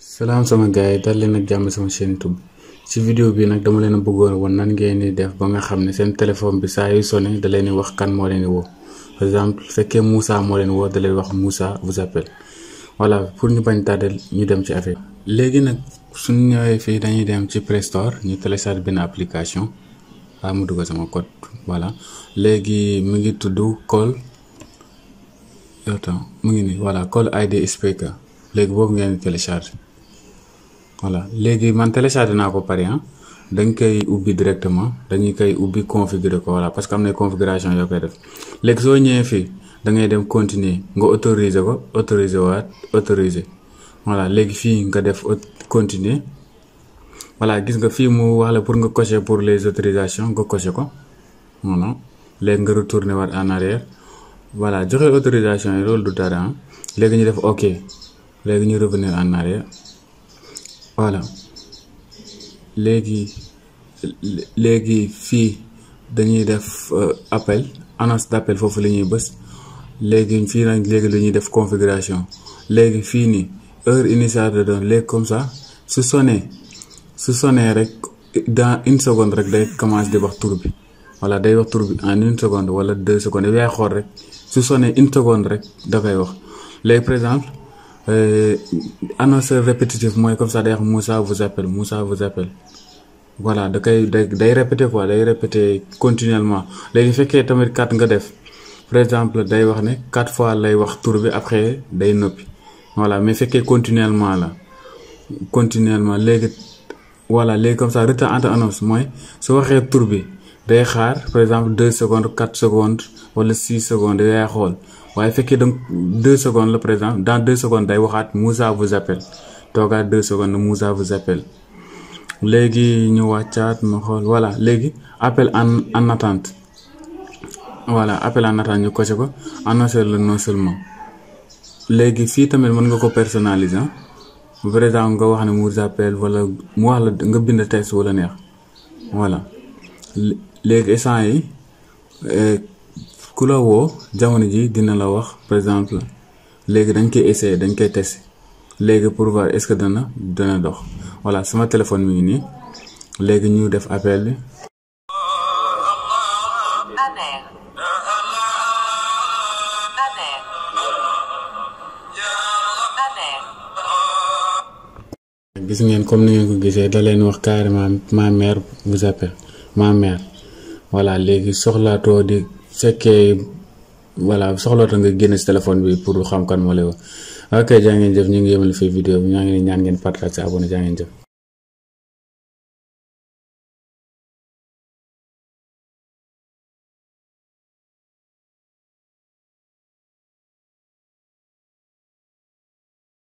salaam sama gars yi dal leen ak jàmm sama chaîne YouTube ci vidéo bi nag dama leen a bëggoon woon nan ngeen di def ba nga xam ne seen téléphone bi saa yu sonné da leen di wax kan moo leen woo par exemple su fekkee Moussa moo leen woo da leen wax Moussa vous appelle voilà pour ñu bañ tardel ñu dem ci affaire léegi nag suñu ñëwee fii dañuy dem ci Play ñu ñu bi benn application ah mu dugg sama code voilà léegi mu ngi tudd call attends mu ngi nii voilà call ID speaker ngeen télécharge voilà léegi man téléchargé naa ko pare ah dañ koy ubbi directement dañuy koy ubbi configurer ko voilà parce que am na configuration yoo koy def léegi soo ñëwee fii dangay dem continuer nga autoriser ko autoriser waat autoriser voilà léegi fii nga def continuer voilà gis nga fii mu wax la pour nga cocher pour les autorisations nga cocher ko voilà léegi nga retourner waat en arrière voilà joxe autorisation yi loolu du dara ah. léegi ñu def ok léegi ñu revenir en arrière. voilà léegi léegi fii dañuy def euh, appel annonce d'appel foofu la ñuy bës léegi fii nag léegi la ñuy def configuration léegi fii nii heure initiale de donne léegi comme ça su sonné su sonné rek dans une seconde rek day commencé di wax tur bi voilà day wax tur bi en une seconde wala deux secondes yow yaay xool rek su sonné une seconde rek da wax léegi par exemple Euh, annonceur répétitif mooy comme ça day wax Moussa vous appelle Moussa vous appelle voilà da koy day day répété quoi day répété continuellement léegi fekkee tamit quatre nga def par exemple day wax ne quatre fois lay wax tur bi après day noppi voilà mais fekkee continuellement la continuellement léegi voilà léegi comme ça retard entre annonce mooy su waxee tur bi day xaar par exemple deux secondes quatre secondes wala six secondes yaay xool waaye fekkee donc deux secondes la par exemple dans deux secondes day waxaat Moussa vous appelle toogaat deux secondes na Moussa vous appelle léegi ñu wàccaat ma xool voilà léegi appel en en attente voilà appel en attente ñu coché ko annoncer le non seulement léegi fii tamit mën nga ko personnaliser par ah. exemple nga wax ne Moussa appelle wala mu wax la nga bind texte wala neex voilà léegi instant eh, ku la woo jamono ji dina la wax par exemple léegi dañ koy essayer dañ koy tester léegi pour voir est-ce que dana dana dox voilà sama téléphone mi ngi nii léegi ñu def appel bi. gis ngeen comme ni ngeen ko gisee da leen wax carrément ma mère vous appelle ma mère voilà léegi soxlaatoo di. fekkee voilà soxloota nga génn si téléphone bi pour xam kan moo lay wax ok jaa ngeen jëf ñu ngi yemal fii vidéo bi ñaa ngi ñaan ngeen partage abonné jaa ngeen jëf